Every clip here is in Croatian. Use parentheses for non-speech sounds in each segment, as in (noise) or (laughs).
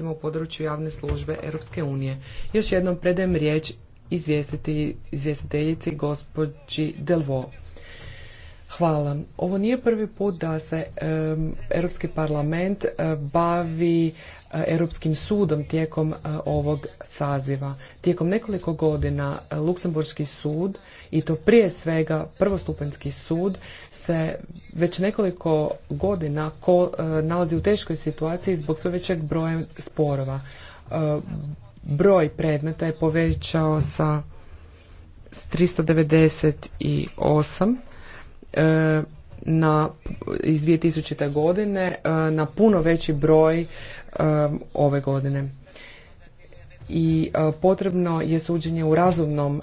u području javne službe Europske unije. Još jednom predajem riječ izvjestiteljici gospođi Delvo. Hvala. Ovo nije prvi put da se Europski parlament bavi E, Europskim sudom tijekom e, ovog saziva. Tijekom nekoliko godina e, Luksemburški sud i to prije svega prvostupanjski sud se već nekoliko godina nalazi u teškoj situaciji zbog sve većeg broja sporova. Broj predmeta je povećao sa 398 na iz 2000. godine na puno veći broj Um, ove godine. I uh, potrebno je suđenje u razumnom um,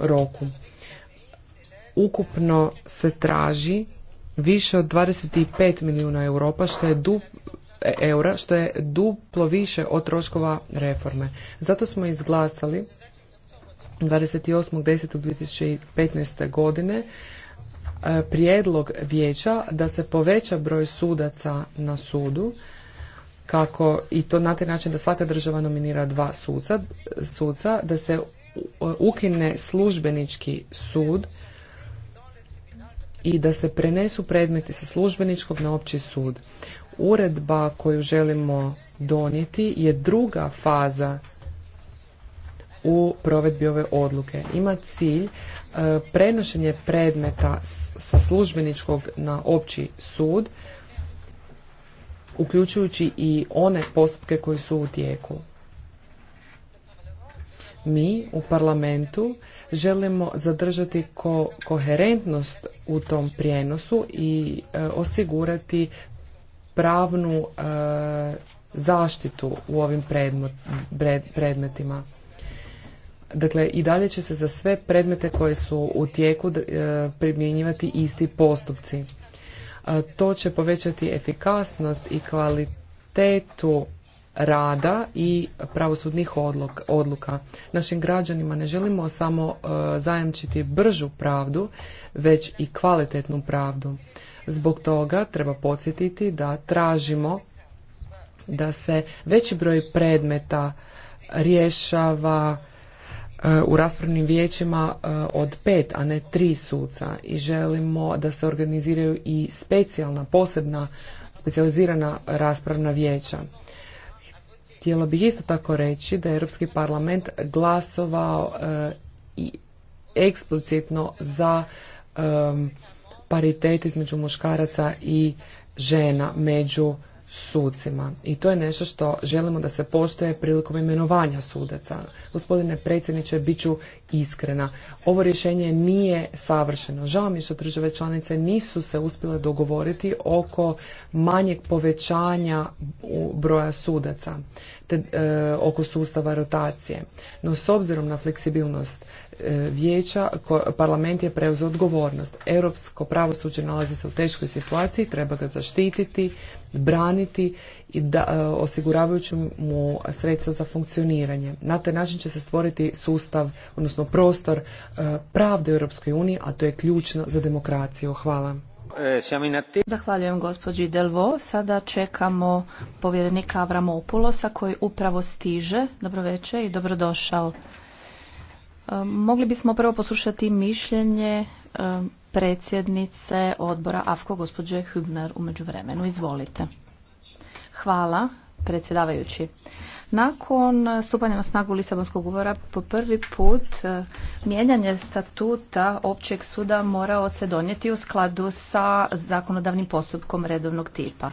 roku. Ukupno se traži više od 25 milijuna Europa, što je e, eura, što je duplo više od troškova reforme. Zato smo izglasali 28.10.2015. godine uh, prijedlog vijeća da se poveća broj sudaca na sudu kako i to na taj način da svaka država nominira dva suca, da se ukine službenički sud i da se prenesu predmeti sa službeničkog na opći sud. Uredba koju želimo donijeti je druga faza u provedbi ove odluke. Ima cilj e, prenošenje predmeta sa službeničkog na opći sud uključujući i one postupke koji su u tijeku. Mi u parlamentu želimo zadržati koherentnost u tom prijenosu i e, osigurati pravnu e, zaštitu u ovim predmetima. Dakle, i dalje će se za sve predmete koje su u tijeku e, primjenjivati isti postupci. E, to će povećati efikasnost i kvalitetu rada i pravosudnih odluka. Našim građanima ne želimo samo e, zajamčiti bržu pravdu, već i kvalitetnu pravdu. Zbog toga treba podsjetiti da tražimo da se veći broj predmeta rješava E, u raspravnim vijećima e, od pet, a ne tri suca i želimo da se organiziraju i specijalna, posebna, specijalizirana raspravna vijeća. Htjela bih isto tako reći da je Europski parlament glasovao e, i eksplicitno za paritet između muškaraca i žena među sucima i to je nešto što želimo da se postoje prilikom imenovanja sudaca. Gospodine predsjedniče, bit ću iskrena. Ovo rješenje nije savršeno. Žao mi je što države članice nisu se uspjele dogovoriti oko manjeg povećanja broja sudaca te e, oko sustava rotacije. No s obzirom na fleksibilnost vijeća, parlament je preuzeo odgovornost. Europsko pravosuđe nalazi se u teškoj situaciji, treba ga zaštititi, braniti i da, e, osiguravajući mu sredstva za funkcioniranje. Na taj način će se stvoriti sustav, odnosno prostor e, pravde u Europskoj uniji, a to je ključno za demokraciju. Hvala. E, Zahvaljujem gospođi Delvo. Sada čekamo povjerenika Avramopulosa koji upravo stiže. Dobro i dobrodošao. Mogli bismo prvo poslušati mišljenje predsjednice odbora AFKO, gospođe Hübner, umeđu vremenu. Izvolite. Hvala, predsjedavajući. Nakon stupanja na snagu Lisabonskog ugovora po prvi put e, mijenjanje statuta općeg suda morao se donijeti u skladu sa zakonodavnim postupkom redovnog tipa.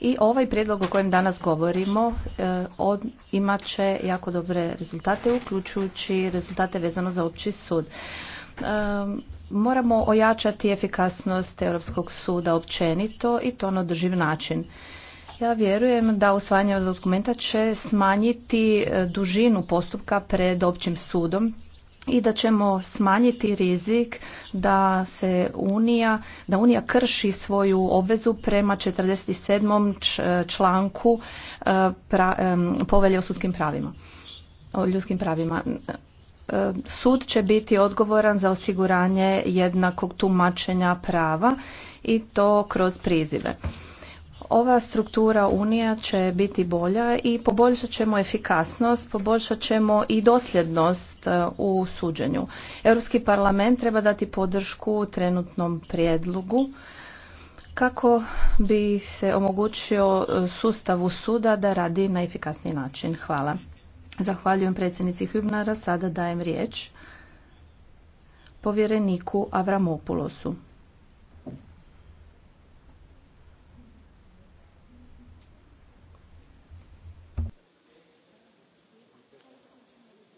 I ovaj prijedlog o kojem danas govorimo e, imat će jako dobre rezultate, uključujući rezultate vezano za opći sud e, moramo ojačati efikasnost Europskog suda općenito i to na održiv način. Ja vjerujem da usvajanje ovog dokumenta će smanjiti e, dužinu postupka pred općim sudom i da ćemo smanjiti rizik da se Unija, da Unija krši svoju obvezu prema 47. E, članku e, pra, povelje o sudskim pravima, o ljudskim pravima. Sud će biti odgovoran za osiguranje jednakog tumačenja prava i to kroz prizive. Ova struktura Unija će biti bolja i poboljšat ćemo efikasnost, poboljšat ćemo i dosljednost e, u suđenju. Europski parlament treba dati podršku trenutnom prijedlogu kako bi se omogućio e, sustavu suda da radi na efikasni način. Hvala. Zahvaljujem predsjednici Hübnara. Sada dajem riječ povjereniku Avramopulosu.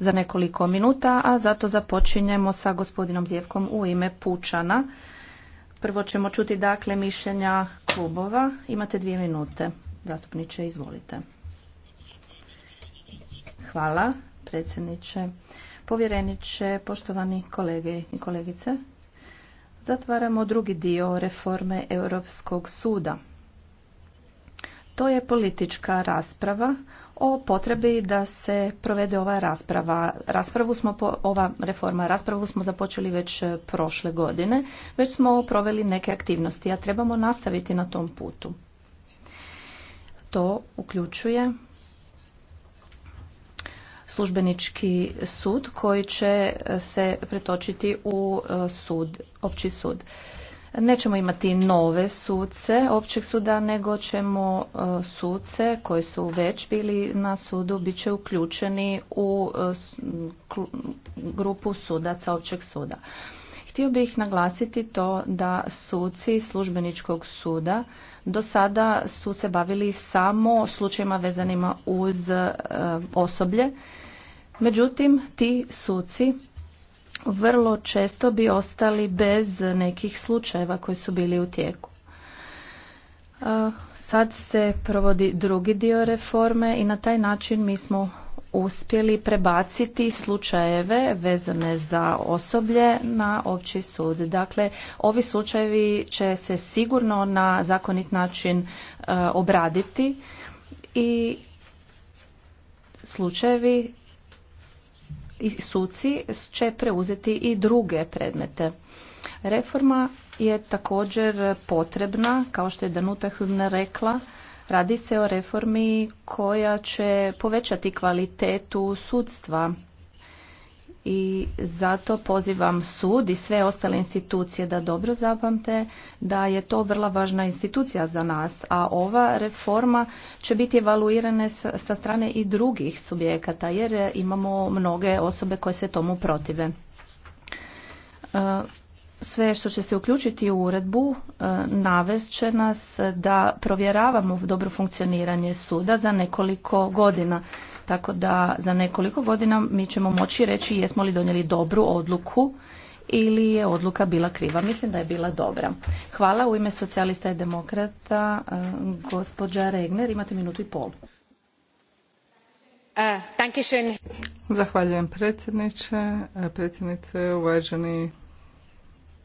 za nekoliko minuta, a zato započinjemo sa gospodinom Zjevkom u ime Pučana. Prvo ćemo čuti dakle mišljenja klubova. Imate dvije minute. Zastupniče, izvolite. Hvala, predsjedniče. Povjereniče, poštovani kolege i kolegice, zatvaramo drugi dio reforme Europskog suda. To je politička rasprava o potrebi da se provede ova rasprava. Raspravu smo po, ova reforma, raspravu smo započeli već e, prošle godine, već smo proveli neke aktivnosti, a trebamo nastaviti na tom putu. To uključuje službenički sud koji će e, se pretočiti u e, sud, opći sud nećemo imati nove suce općeg suda, nego ćemo e, suce koji su već bili na sudu, bit će uključeni u e, grupu sudaca općeg suda. Htio bih naglasiti to da suci službeničkog suda do sada su se bavili samo slučajima vezanima uz e, osoblje. Međutim, ti suci vrlo često bi ostali bez nekih slučajeva koji su bili u tijeku. Sad se provodi drugi dio reforme i na taj način mi smo uspjeli prebaciti slučajeve vezane za osoblje na opći sud. Dakle, ovi slučajevi će se sigurno na zakonit način e, obraditi i slučajevi i suci će preuzeti i druge predmete. Reforma je također potrebna, kao što je Danuta Hübner rekla, radi se o reformi koja će povećati kvalitetu sudstva i zato pozivam sud i sve ostale institucije da dobro zapamte da je to vrlo važna institucija za nas, a ova reforma će biti evaluirana sa strane i drugih subjekata jer imamo mnoge osobe koje se tomu protive. E, sve što će se uključiti u uredbu e, navest će nas da provjeravamo dobro funkcioniranje suda za nekoliko godina. Tako da za nekoliko godina mi ćemo moći reći jesmo li donijeli dobru odluku ili je odluka bila kriva. Mislim da je bila dobra. Hvala u ime socijalista i demokrata. E, gospođa Regner, imate minutu i pol. E, Zahvaljujem predsjedniče, predsjednice, uvaženi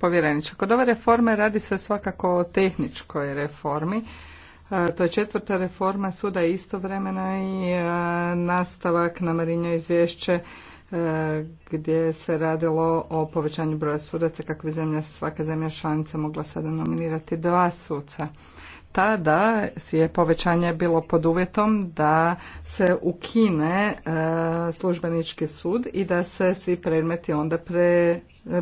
povjereniče. Kod ove reforme radi se svakako o tehničkoj reformi. To je četvrta reforma suda istovremena i nastavak na Marinjo izvješće gdje se radilo o povećanju broja sudaca kako bi zemlja, svaka zemlja članica mogla sada nominirati dva suca tada je povećanje bilo pod uvjetom da se ukine e, službenički sud i da se svi predmeti onda pre e,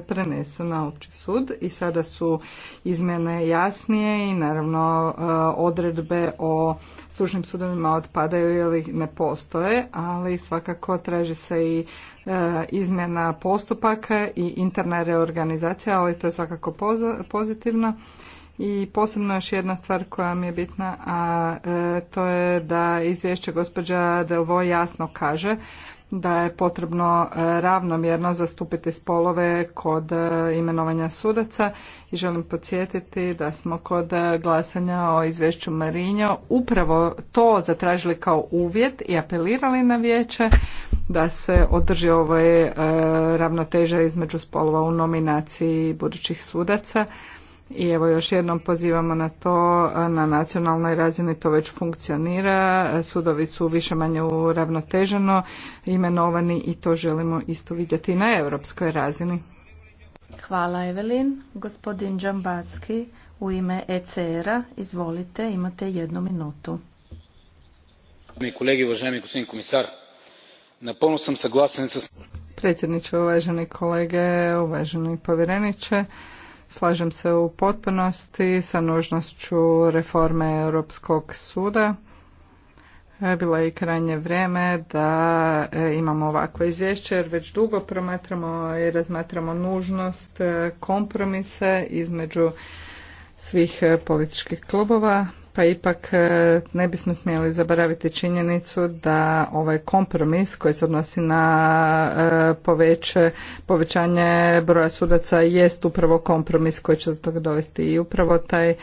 prenesu na opći sud i sada su izmjene jasnije i naravno e, odredbe o stručnim sudovima otpadaju ili ne postoje, ali svakako traži se i izmjena postupaka i interna reorganizacija, ali to je svakako pozitivno. I posebno još jedna stvar koja mi je bitna, a e, to je da izvješće gospođa Delvo jasno kaže da je potrebno e, ravnomjerno zastupiti spolove kod e, imenovanja sudaca i želim podsjetiti da smo kod glasanja o izvješću Marinja upravo to zatražili kao uvjet i apelirali na vijeće da se održi ovaj ravnoteža između spolova u nominaciji budućih sudaca i evo još jednom pozivamo na to na nacionalnoj razini to već funkcionira sudovi su više manje uravnoteženo imenovani i to želimo isto vidjeti na europskoj razini Hvala Evelin gospodin Džambacki u ime ECR-a izvolite imate jednu minutu kolegi uvaženi gospodin komisar napolno sam saglasan sa predsjedniče uvaženi kolege uvaženi povjereniče Slažem se u potpunosti sa nužnošću reforme Europskog suda. E, bilo je i krajnje vrijeme da e, imamo ovakvo izvješće jer već dugo promatramo i razmatramo nužnost e, kompromise između svih političkih klubova pa ipak e, ne bismo smjeli zaboraviti činjenicu da ovaj kompromis koji se odnosi na e, poveće, povećanje broja sudaca jest upravo kompromis koji će do toga dovesti i upravo taj e,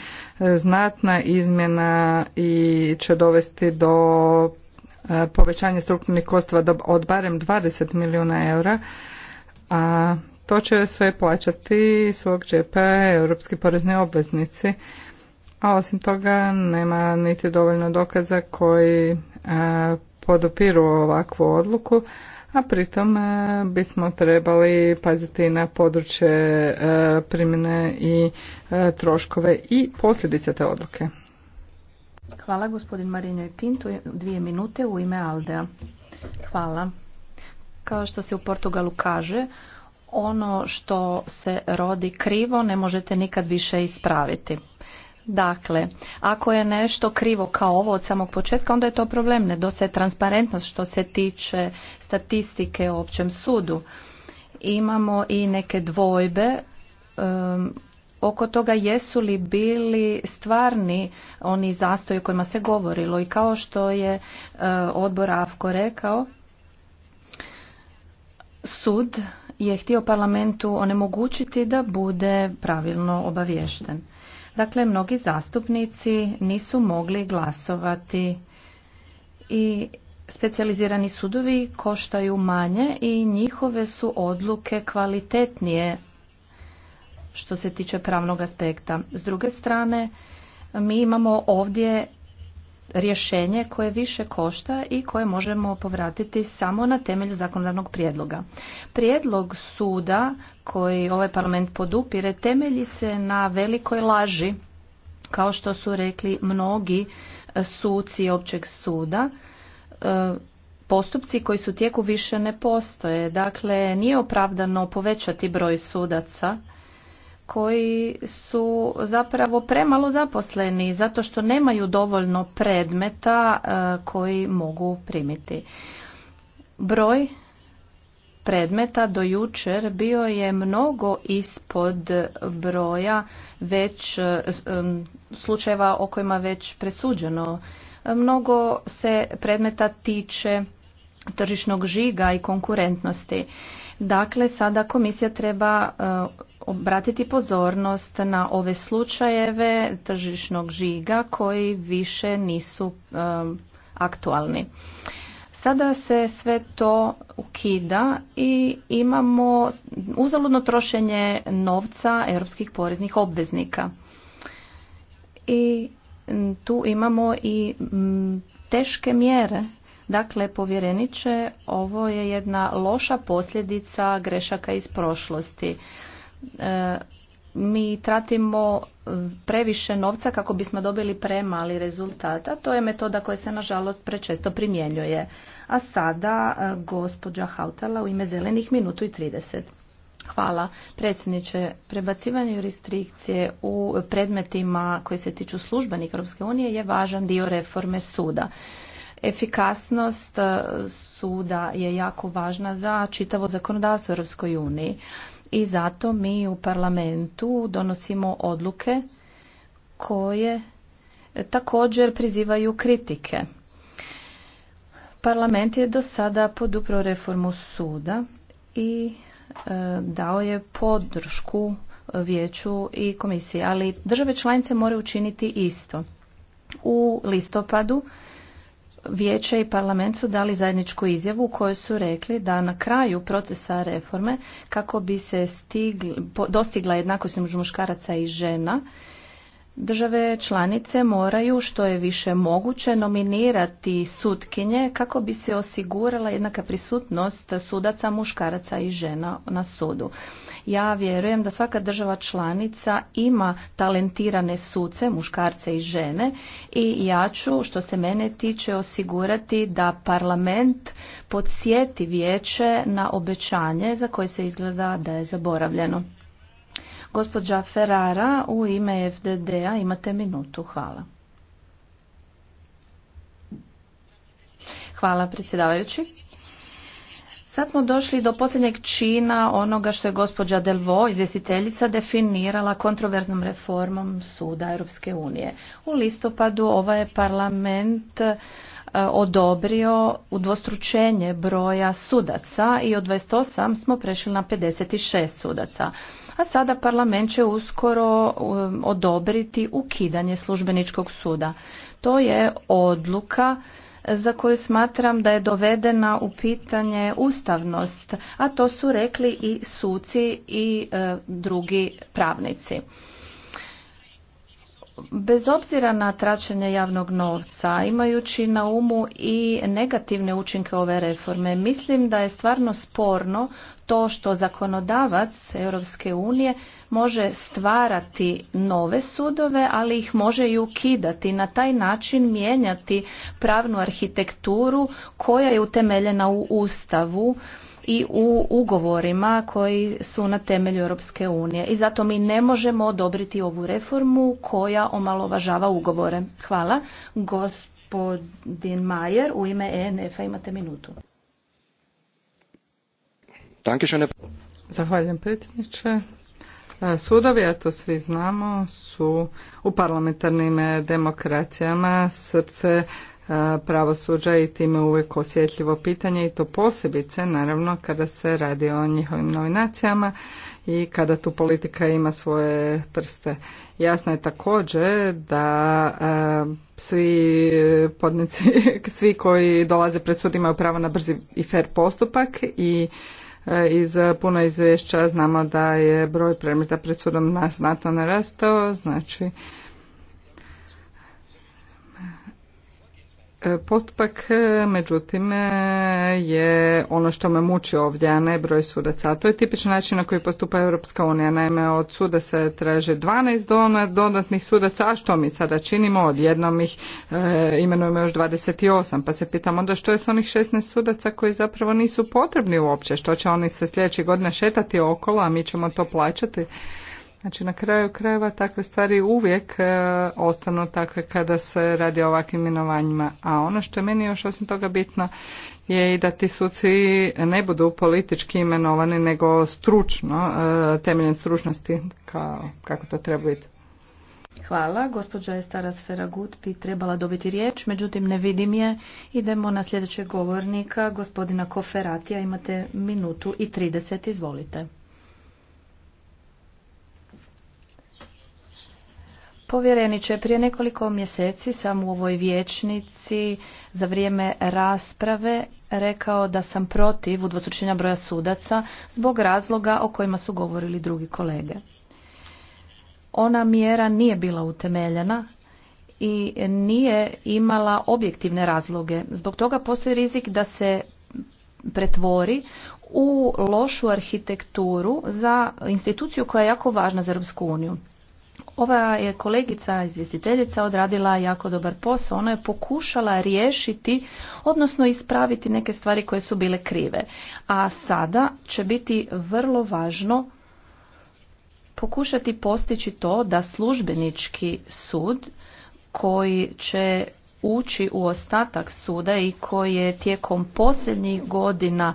znatna izmjena i će dovesti do povećanja strukturnih kostova od barem 20 milijuna eura, a to će sve plaćati svog džepa europski porezni obveznici a osim toga nema niti dovoljno dokaza koji e, podupiru ovakvu odluku, a pritom e, bismo trebali paziti na područje e, primjene i troškove i posljedice te odluke. Hvala gospodin Marino Pintu. Pinto, dvije minute u ime Aldea. Hvala. Kao što se u Portugalu kaže, ono što se rodi krivo ne možete nikad više ispraviti. Dakle, ako je nešto krivo kao ovo od samog početka, onda je to problem. Nedostaje transparentnost što se tiče statistike o općem sudu. Imamo i neke dvojbe um, oko toga jesu li bili stvarni oni zastoji o kojima se govorilo i kao što je uh, odbor AFKO rekao, sud je htio parlamentu onemogućiti da bude pravilno obaviješten. Dakle, mnogi zastupnici nisu mogli glasovati i specijalizirani sudovi koštaju manje i njihove su odluke kvalitetnije što se tiče pravnog aspekta. S druge strane, mi imamo ovdje rješenje koje više košta i koje možemo povratiti samo na temelju zakonodavnog prijedloga. Prijedlog suda koji ovaj parlament podupire temelji se na velikoj laži, kao što su rekli mnogi e, suci općeg suda, e, postupci koji su tijeku više ne postoje. Dakle, nije opravdano povećati broj sudaca koji su zapravo premalo zaposleni zato što nemaju dovoljno predmeta e, koji mogu primiti. Broj predmeta do jučer bio je mnogo ispod broja već e, slučajeva o kojima već presuđeno. Mnogo se predmeta tiče tržišnog žiga i konkurentnosti. Dakle, sada komisija treba e, obratiti pozornost na ove slučajeve tržišnog žiga koji više nisu e, aktualni. Sada se sve to ukida i imamo uzaludno trošenje novca europskih poreznih obveznika. I tu imamo i teške mjere Dakle, povjereniče, ovo je jedna loša posljedica grešaka iz prošlosti. E, mi tratimo previše novca kako bismo dobili premali rezultata. To je metoda koja se nažalost prečesto primjenjuje. A sada e, gospođa Hautala u ime zelenih minutu i 30. Hvala. Predsjedniče, prebacivanje restrikcije u predmetima koji se tiču službenih Europske unije je važan dio reforme suda. Efikasnost e, suda je jako važna za čitavo zakonodavstvo Europskoj uniji i zato mi u parlamentu donosimo odluke koje također prizivaju kritike. Parlament je do sada podupro reformu suda i e, dao je podršku vijeću i komisiji, ali države članice moraju učiniti isto. U listopadu Vijeće i parlament su dali zajedničku izjavu u kojoj su rekli da na kraju procesa reforme kako bi se stigli, dostigla jednakost između muškaraca i žena Države članice moraju što je više moguće nominirati sutkinje kako bi se osigurala jednaka prisutnost sudaca muškaraca i žena na sudu. Ja vjerujem da svaka država članica ima talentirane suce, muškarce i žene i ja ću što se mene tiče osigurati da parlament podsjeti vijeće na obećanje za koje se izgleda da je zaboravljeno. Gospođa Ferrara u ime FDD-a imate minutu. Hvala. Hvala predsjedavajući. Sad smo došli do posljednjeg čina onoga što je gospođa Delvo, izvjestiteljica, definirala kontroverznom reformom Suda Europske unije. U listopadu ovaj je parlament e, odobrio udvostručenje broja sudaca i od 28 smo prešli na 56 sudaca a sada parlament će uskoro um, odobriti ukidanje službeničkog suda. To je odluka za koju smatram da je dovedena u pitanje ustavnost, a to su rekli i suci i e, drugi pravnici bez obzira na tračenje javnog novca, imajući na umu i negativne učinke ove reforme, mislim da je stvarno sporno to što zakonodavac Europske unije može stvarati nove sudove, ali ih može i ukidati. Na taj način mijenjati pravnu arhitekturu koja je utemeljena u Ustavu i u ugovorima koji su na temelju Europske unije. I zato mi ne možemo odobriti ovu reformu koja omalovažava ugovore. Hvala. Gospodin Majer, u ime ENF-a imate minutu. Zahvaljujem predsjedniče. E, sudovi, a to svi znamo, su u parlamentarnim demokracijama srce pravosuđa i time uvijek osjetljivo pitanje i to posebice naravno kada se radi o njihovim novinacijama i kada tu politika ima svoje prste. Jasno je također da svi podnici, (laughs) svi koji dolaze pred sud imaju pravo na brzi i fer postupak i iz puno izvješća znamo da je broj predmeta pred sudom nas znatno narastao, znači Postupak, međutim, je ono što me muči ovdje, a ne broj sudaca. A to je tipičan način na koji postupa Europska unija. Naime, od suda se traže 12 dodatnih sudaca, a što mi sada činimo? Odjednom ih e, imenujemo još 28, pa se pitamo onda što je s onih 16 sudaca koji zapravo nisu potrebni uopće, što će oni se sljedeće godine šetati okolo, a mi ćemo to plaćati. Znači na kraju krajeva takve stvari uvijek e, ostanu takve kada se radi o ovakvim imenovanjima. A ono što je meni još osim toga bitno je i da ti suci ne budu politički imenovani nego stručno, e, temeljem stručnosti kao, kako to treba biti. Hvala. Gospođa je sfera Feragut bi trebala dobiti riječ, međutim ne vidim je. Idemo na sljedećeg govornika, gospodina Koferatija. Imate minutu i 30, izvolite. Povjereniče, prije nekoliko mjeseci sam u ovoj vječnici za vrijeme rasprave rekao da sam protiv udvostručenja broja sudaca zbog razloga o kojima su govorili drugi kolege. Ona mjera nije bila utemeljena i nije imala objektivne razloge. Zbog toga postoji rizik da se pretvori u lošu arhitekturu za instituciju koja je jako važna za Europsku uniju. Ova je kolegica izvjestiteljica odradila jako dobar posao. Ona je pokušala riješiti, odnosno ispraviti neke stvari koje su bile krive. A sada će biti vrlo važno pokušati postići to da službenički sud koji će ući u ostatak suda i koji je tijekom posljednjih godina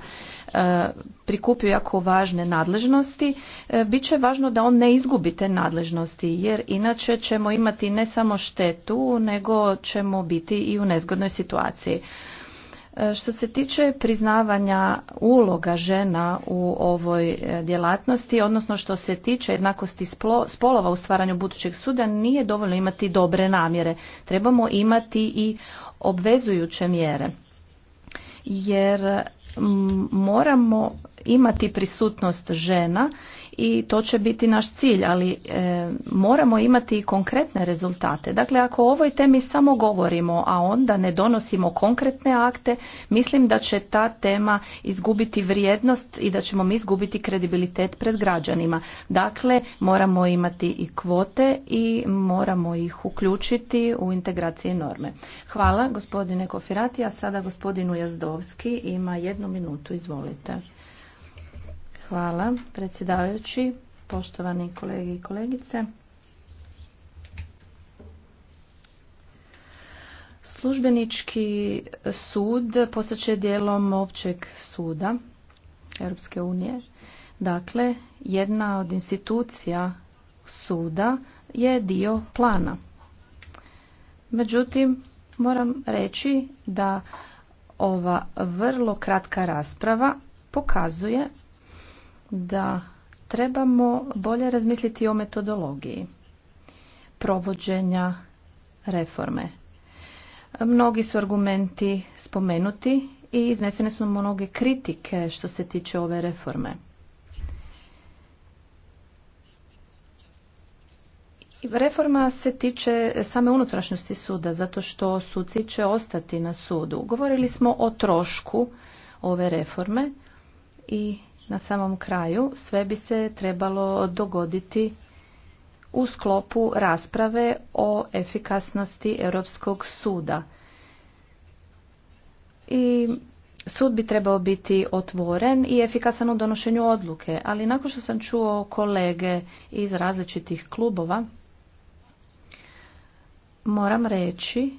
E, prikupio jako važne nadležnosti, e, bit će važno da on ne izgubi te nadležnosti jer inače ćemo imati ne samo štetu nego ćemo biti i u nezgodnoj situaciji. E, što se tiče priznavanja uloga žena u ovoj djelatnosti, odnosno što se tiče jednakosti spolova u stvaranju budućeg suda, nije dovoljno imati dobre namjere. Trebamo imati i obvezujuće mjere. Jer moramo imati prisutnost žena i to će biti naš cilj, ali e, moramo imati i konkretne rezultate. Dakle, ako o ovoj temi samo govorimo, a onda ne donosimo konkretne akte, mislim da će ta tema izgubiti vrijednost i da ćemo mi izgubiti kredibilitet pred građanima. Dakle, moramo imati i kvote i moramo ih uključiti u integracije norme. Hvala gospodine Kofirati, a sada gospodinu Jazdovski ima jednu minutu, izvolite. Hvala predsjedavajući, poštovani kolege i kolegice. Službenički sud postaće dijelom općeg suda Europske unije. Dakle, jedna od institucija suda je dio plana. Međutim, moram reći da ova vrlo kratka rasprava pokazuje da trebamo bolje razmisliti o metodologiji provođenja reforme. Mnogi su argumenti spomenuti i iznesene su mnoge kritike što se tiče ove reforme. Reforma se tiče same unutrašnjosti suda, zato što suci će ostati na sudu. Govorili smo o trošku ove reforme i na samom kraju sve bi se trebalo dogoditi u sklopu rasprave o efikasnosti Europskog suda. I sud bi trebao biti otvoren i efikasan u donošenju odluke, ali nakon što sam čuo kolege iz različitih klubova, moram reći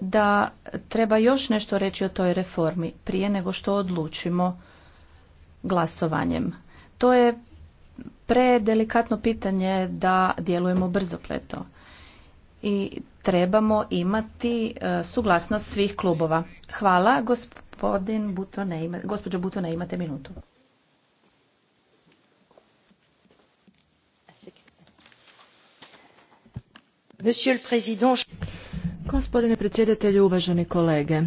da treba još nešto reći o toj reformi prije nego što odlučimo glasovanjem. To je predelikatno pitanje da djelujemo brzopleto i trebamo imati e, suglasnost svih klubova. Hvala, gospodin Butone, gospođo Butone, imate minutu. Gospodine predsjedatelju, uvaženi kolege,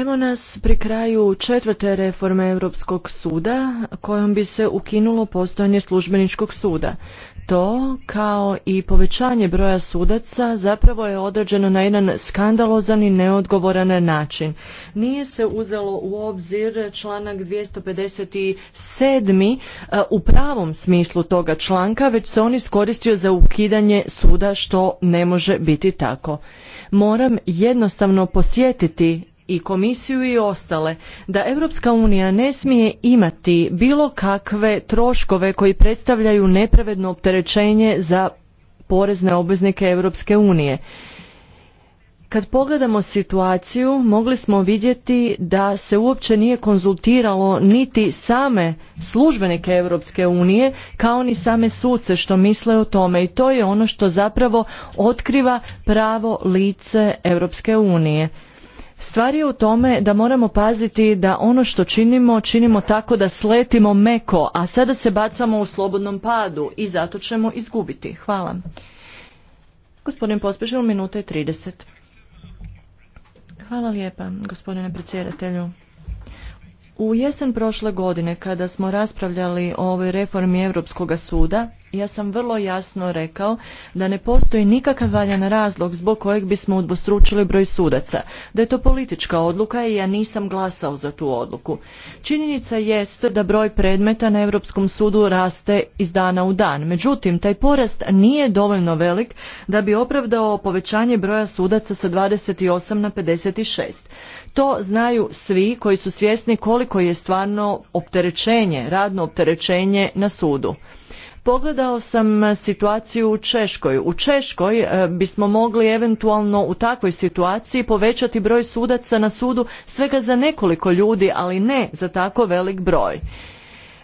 Evo nas pri kraju četvrte reforme Europskog suda kojom bi se ukinulo postojanje službeničkog suda. To, kao i povećanje broja sudaca, zapravo je određeno na jedan skandalozan i neodgovoran način. Nije se uzelo u obzir članak 257. E, u pravom smislu toga članka, već se on iskoristio za ukidanje suda, što ne može biti tako. Moram jednostavno posjetiti i komisiju i ostale da Europska unija ne smije imati bilo kakve troškove koji predstavljaju nepravedno opterećenje za porezne obveznike Europske unije. Kad pogledamo situaciju, mogli smo vidjeti da se uopće nije konzultiralo niti same službenike Europske unije, kao ni same suce što misle o tome i to je ono što zapravo otkriva pravo lice Europske unije. Stvar je u tome da moramo paziti da ono što činimo, činimo tako da sletimo meko, a sada se bacamo u slobodnom padu i zato ćemo izgubiti. Hvala. Gospodin Pospešil, minuta je 30. Hvala lijepa, gospodine predsjedatelju. U jesen prošle godine kada smo raspravljali o ovoj reformi Europskog suda, ja sam vrlo jasno rekao da ne postoji nikakav valjan razlog zbog kojeg bismo udvostručili broj sudaca, da je to politička odluka i ja nisam glasao za tu odluku. Činjenica jest da broj predmeta na Europskom sudu raste iz dana u dan, međutim taj porast nije dovoljno velik da bi opravdao povećanje broja sudaca sa 28 na 56. To znaju svi koji su svjesni koliko je stvarno opterećenje, radno opterećenje na sudu. Pogledao sam situaciju u Češkoj. U Češkoj e, bismo mogli eventualno u takvoj situaciji povećati broj sudaca na sudu svega za nekoliko ljudi, ali ne za tako velik broj.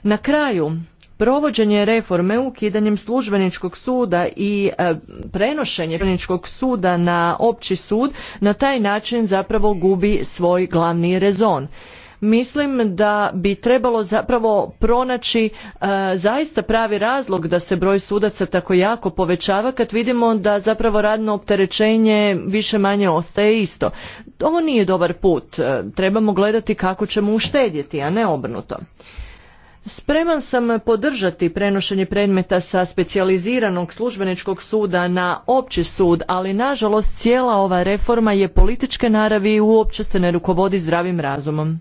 Na kraju, Provođenje reforme ukidanjem službeničkog suda i e, prenošenje službeničkog suda na opći sud na taj način zapravo gubi svoj glavni rezon mislim da bi trebalo zapravo pronaći e, zaista pravi razlog da se broj sudaca tako jako povećava kad vidimo da zapravo radno opterećenje više manje ostaje isto. Ovo nije dobar put, e, trebamo gledati kako ćemo uštedjeti, a ne obrnuto. Spreman sam podržati prenošenje predmeta sa specijaliziranog službeničkog suda na opći sud, ali nažalost cijela ova reforma je političke naravi i uopće se ne rukovodi zdravim razumom.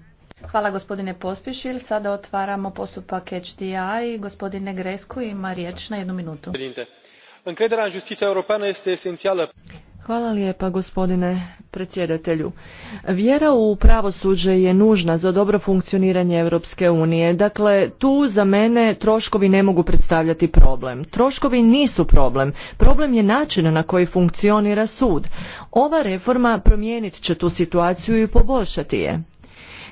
Hvala gospodine Pospišil. Sada otvaramo postupak HDI. Gospodine Gresko ima riječ na jednu minutu. Hvala lijepa gospodine predsjedatelju. Vjera u pravosuđe je nužna za dobro funkcioniranje Europske unije. Dakle, tu za mene troškovi ne mogu predstavljati problem. Troškovi nisu problem. Problem je način na koji funkcionira sud. Ova reforma promijenit će tu situaciju i poboljšati je.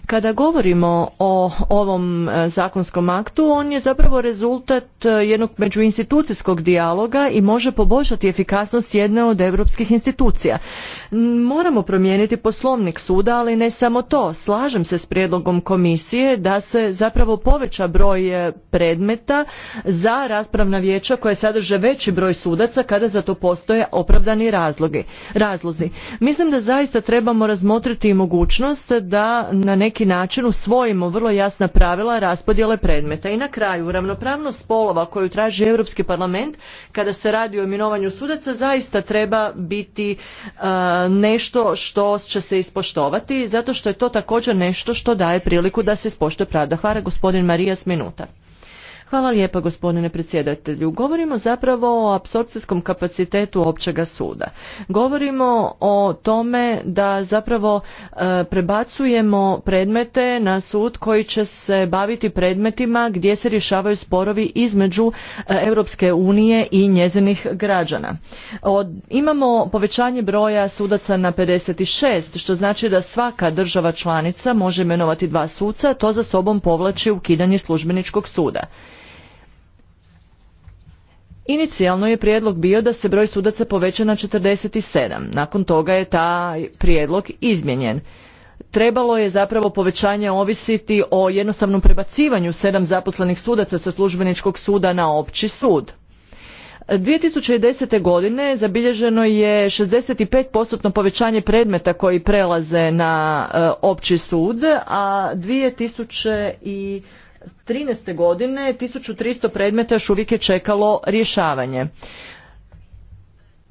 Kada govorimo o ovom e, zakonskom aktu, on je zapravo rezultat e, jednog međuinstitucijskog dijaloga i može poboljšati efikasnost jedne od europskih institucija. Moramo promijeniti poslovnik suda, ali ne samo to. Slažem se s prijedlogom komisije da se zapravo poveća broj e, predmeta za raspravna vijeća koje sadrže veći broj sudaca kada za to postoje opravdani razlozi. Mislim da zaista trebamo razmotriti i mogućnost da na neki neki način usvojimo vrlo jasna pravila raspodjele predmeta. I na kraju, ravnopravnost spolova koju traži Europski parlament kada se radi o imenovanju sudaca zaista treba biti e, nešto što će se ispoštovati zato što je to također nešto što daje priliku da se ispoštuje pravda. Hvala gospodin Marijas minuta. Hvala lijepa gospodine predsjedatelju. Govorimo zapravo o apsorpcijskom kapacitetu općega suda. Govorimo o tome da zapravo e, prebacujemo predmete na sud koji će se baviti predmetima gdje se rješavaju sporovi između e, Europske unije i njezinih građana. imamo povećanje broja sudaca na 56, što znači da svaka država članica može imenovati dva suca, to za sobom povlači ukidanje službeničkog suda. Inicijalno je prijedlog bio da se broj sudaca poveća na 47. Nakon toga je taj prijedlog izmijenjen. Trebalo je zapravo povećanje ovisiti o jednostavnom prebacivanju sedam zaposlenih sudaca sa službeničkog suda na opći sud. 2010. godine zabilježeno je 65% povećanje predmeta koji prelaze na e, opći sud, a 2000 i 2013. godine 1300 predmeta još uvijek je čekalo rješavanje.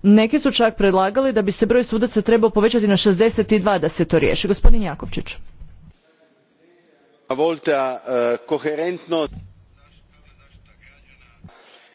Neki su čak predlagali da bi se broj sudaca trebao povećati na 62 da se to riješi. Gospodin Jakovčić. Volta, eh, koherentno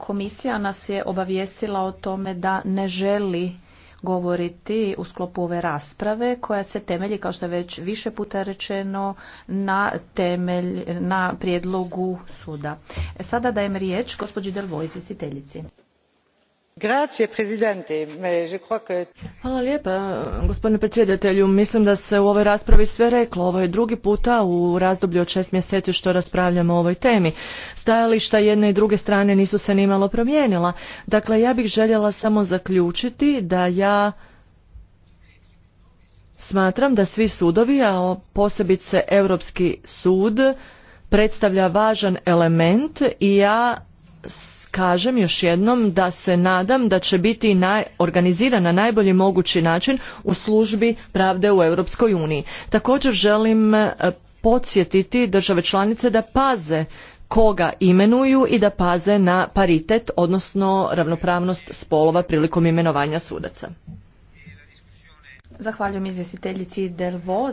Komisija nas je obavijestila o tome da ne želi govoriti u sklopu ove rasprave koja se temelji, kao što je već više puta rečeno, na temelj, na prijedlogu suda. E, sada dajem riječ gospođi Delvoj, izvjestiteljici. Hvala lijepa gospodine predsjedatelju. Mislim da se u ovoj raspravi sve reklo. Ovo je drugi puta u razdoblju od šest mjeseci što raspravljamo o ovoj temi. Stajališta jedne i druge strane nisu se nimalo promijenila. Dakle, ja bih željela samo zaključiti da ja smatram da svi sudovi, a posebice Europski sud, predstavlja važan element i ja kažem još jednom da se nadam da će biti organiziran na najbolji mogući način u službi pravde u Europskoj uniji. Također želim e, podsjetiti države članice da paze koga imenuju i da paze na paritet, odnosno ravnopravnost spolova prilikom imenovanja sudaca. Zahvaljujem izvjestiteljici Delvo.